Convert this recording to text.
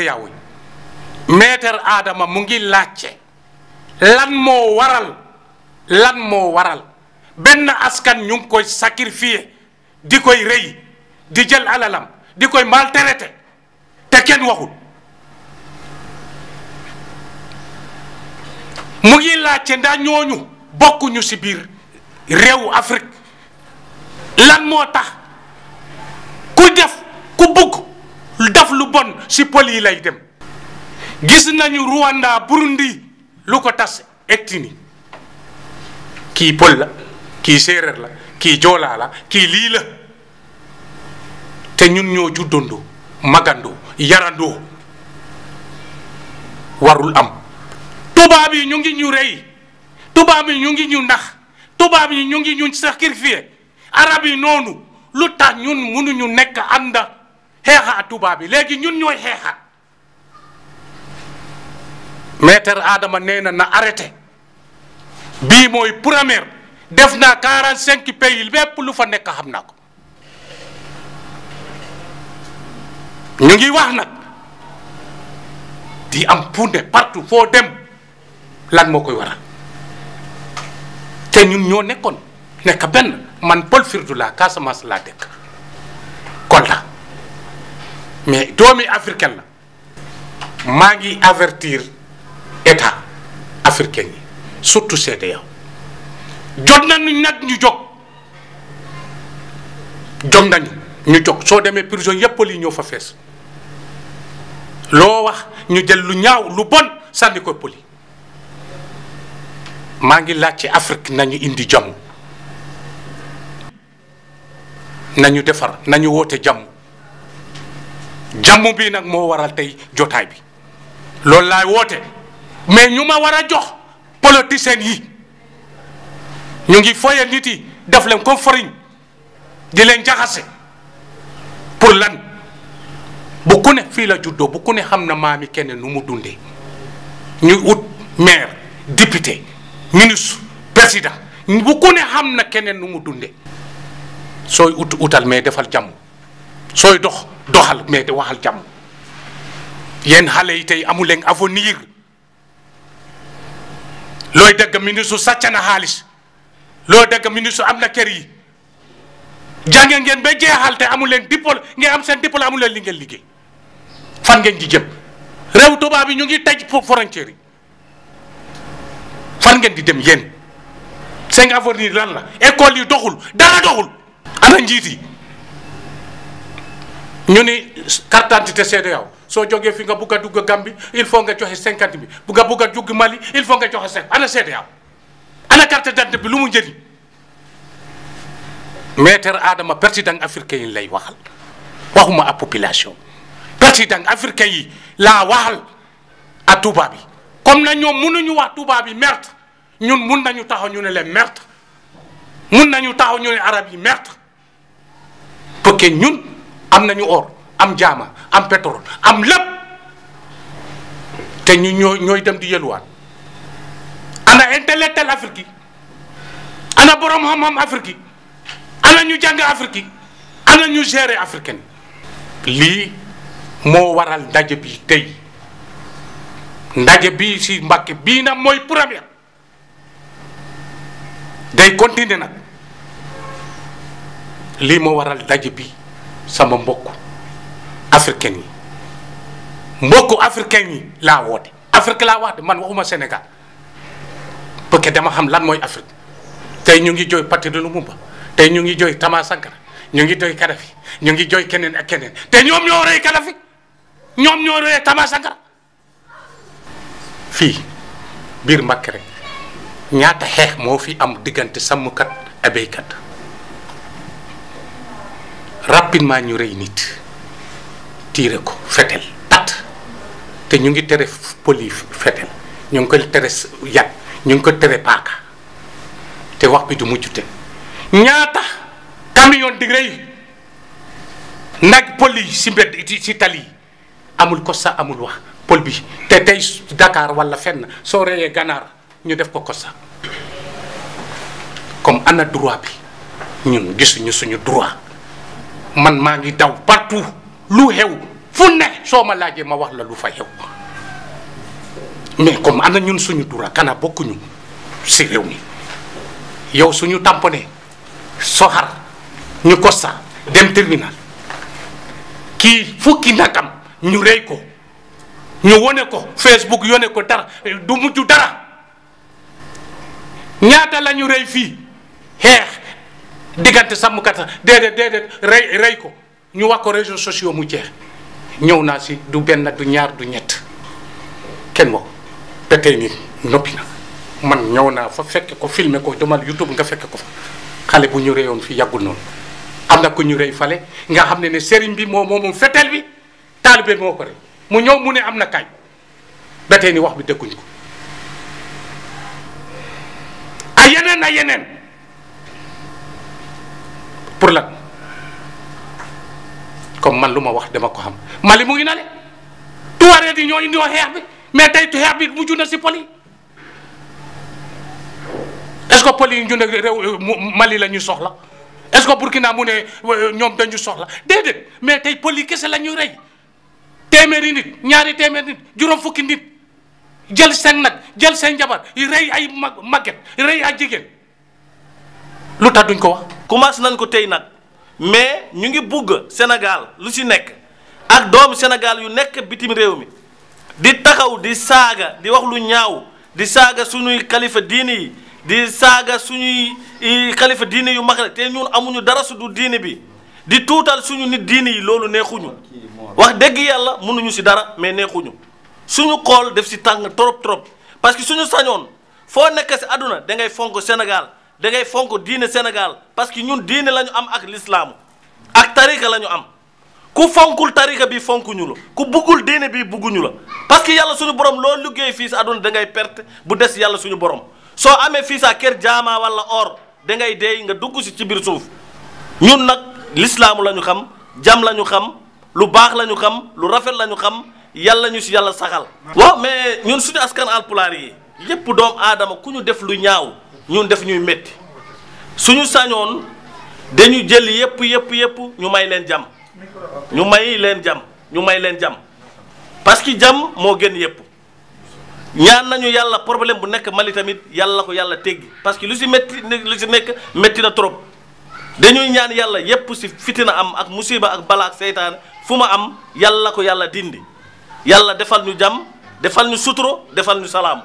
yëkkati yaawuñ maître Adama mu ngi laajte lan moo waral lan moo waral benn askan ñu ngi koy sacrifier di koy rëy di jël alalam di koy maltraité te kenn waxul mu ngi laajte ndax ñooñu bokkuñu ci biir réewu Afrique lan moo tax ku def ku bugg bon si pël yi lay dem gis nañu Rwanda Burundi lu ko tas etini kii pol la kii séeréer la kii joolaa la kii lii la te ñun ñoo juddandoo magandoo yarandoo warul am tubaab yi ñu ngi ñu rey tubaab yi ñu ngi ñu nax tubaab yi ñu ngi ñu sacrifié arab yi noonu lu tax ñun ñu nekk ànda xeexaat tubaab bi léegi ñun ñooy xeexaat maître Adama nee na na arrêté bii mooy première def naa quarante cinq pays lépp lu fa nekk xam naa ko ñu ngi wax nag di am punde partout foo dem lan moo koy waral te ñun ñoo nekkoon nekk benn man pol Firdou la Casamance laa dëkk mais doomi africain la maa ngi avertir état africain yi surtout CEDEAO jot nañu nag ñu jóg jot nañu ñu jóg soo demee prison yépp lii ñëw fa fees loo wax ñu jël lu ñaaw lu bon sànni ko poli maa ngi laaj ci Afrique nañu indi jàmm nañu defar nañu woote jàmm jàmm bii nag moo waral tey jotaay bi loolu laay woote mais ñu ma war a jox politiciens yi ñu ngi foye nit yi def leen comme fariñ di leen jaxase pour lan bu ku ne fii la juddoo bu ku ne xam na maami kenn nu mu dundee ñu ut maire député ministre président bu ku ne xam na keneen nu mu dundee sooy ut utal mais defal jàmm sooy dox doxal mais de waxal jàmm yéen xale yi tey amu leen avenir looy dëgg ministre sàcc na xaalis looy dëgg ministre am na kër yi jàngee ngeen be jeexal te amu leen diplôme ngeen am seen diplôme amuleen leen li ngeen liggéey fan ngeen di jëm réew tubaab yi ñu ngi teg frontière yi fan ngeen di dem yéen seen avenir lan la école yi doxul dara doxul ana njiit yi ñu ni carte d'identité CEDEAO soo jógee fi nga bugg a dugg Gambie il faut nga joxe cinquante bi bu nga bugg a dugg Mali il faut nga joxe cinq ana CEDEAO ana carte d'identité bi lu mu njëriñ maître Adama président africain yi lay waxal waxuma ab population président africain yi laa waxal ak tubaab yi comme na ñoom mënuñu wax tubaab yi merde ñun mun nañu taxaw ñu ne leen merde mun nañu taxaw ñu ne arab yi merde pour que ñun. am na ñu or am jaama am pétrole am lépp te ñu ñoo ñooy dem di yëluwaat ana intellectuel Afrique yi ana borom xam-xam Afrique ana ñu jàng Afrique yi ana ñu gérer africaine lii moo waral ndaje bi tey ndaje bi si Mbàkke bii nag mooy première day continuer nag lii moo waral ndaje bi sama mbokk africain yi mbokk africain yi laa woote Afrique laa wax man waxuma Sénégal parce que dama xam lan mooy Afrique te ñu ngi jooy Patrice Lumumba tey ñu ngi joy Thomas Sankara ñu ngi jooy Kadhafi ñu ngi jooy keneen ak keneen te ñoom ñoo rey Kadhafi ñoom ñoo rey Thomas Sankara fii biir Mbacké ñaata xeex moo fi am diggante sàmmkat ak béykat rapidement ñu rey nit tiire ko fetel pat ñu ngi tere poli fetel ñu ngi koy tere yat ñu ngi ko tere paaka te wax bi du mujjute ñaata camion di nag poli si si tali yi amul kosta amul wax pol bi te tey Dakar wala fenn soo reyee ganaar ñu def ko kosta comme ana droit bi ñun gisuñu suñu droit man maa ngi daw partout lu xew fu ne soo ma laajee ma wax la lu fa xew mais comme ana ñun suñu dura kana bokkuñu si réew mi yow suñu tamponné soxar ñu kosta dem terminal kii fukki nagam ñu rey ko ñu wone ko Facebook yone ko dara du mujj dara ñaata la ñu rey fii xeex diggante sàmmkat sax déedéet déedéet rey rey ko ñu wax ko réseaux sociaux mu jeex ñëw naa si du benn du ñaar du ñett kenn wax ba tey noppi na man ñëw naa fa fekkee ko filmer ko demal YouTube nga fekke ko fa xale bu ñu reyoon fi yàggul noonu am na ku ñu rey fale nga xam ne ne sëriñ bi moo moom feteel bi taalibe moo ko rey mu ñëw mu ne am na kaay ba tey ni wax bi dëkkuñ ko a yeneen a yeneen pour lan comme man lu ma wax dama ko xam Mali mu ngi nale tuareg yi ñoo indi woon xeex bi mais tey xeex bi mujj na si pol yi est-ce que pol yi ñu ne Mali la ñu soxla est-ce que Burkina mu ne euh, ñoom dañu soxla déedéet mais tey pol yi kese la ñuy rey téeméeri nit ñaari téeméeri nit juróom fukki nit jël seen nag jël seen jabar rey ay mag màgget rey ay jigéen lu tax duñ ko wax commencé nañ ko tey nag mais ñu ngi bugg Sénégal lu si nekk ak doomu Sénégal yu nekk bitim réew mi di taxaw di saaga di wax lu ñaaw di saaga suñuy kalifa diini yi di saaga suñuy kalifa diini yu mag te ñun amuñu dara su du diini bi di tuutal suñu nit diini yi loolu neexuñu wax dëgg yàlla mënuñu si dara mais neexuñu suñu xool def si tàng trop trop parce que suñu sañoon foo nekk si àdduna da fonk Sénégal da ngay fonk diine Sénégal parce que ñun diine la ñu am ak lislaamu ak tarika la ñu am ku fonkul tarika bi fonkuñu la ku buggul diine bi bugguñu la parce que yàlla suñu borom loo liggéey fii si àdduna da ngay perte bu des yàlla suñu borom soo amee fii sa kër jaama wala or da ngay deey nga dugg si ci biir suuf ñun nag lislaamu la ñu xam jam la ñu xam lu baax la ñu xam lu rafet la ñu xam yàlla ñu si yàlla saxal waaw mais ñun suñu askan alpulaar yi yépp doom aadama ku ñu def lu ñaaw ñun def ñuy métti suñu sañoon dañu jël yépp yépp yépp ñu may leen jàmm ñu may leen jàmm ñu may leen jàmm parce que jàmm moo gën yépp ñaan nañu yàlla problème bu nekk Mali tamit yàlla ko yàlla teggi parce que lu si métti lu si nekk métti na trop dañuy ñaan yàlla yépp si fitina am ak musiba ak bala ak seytaane fu ma am yàlla ko yàlla dindi yàlla defal ñu jàmm defal ñu suturo defal ñu salaam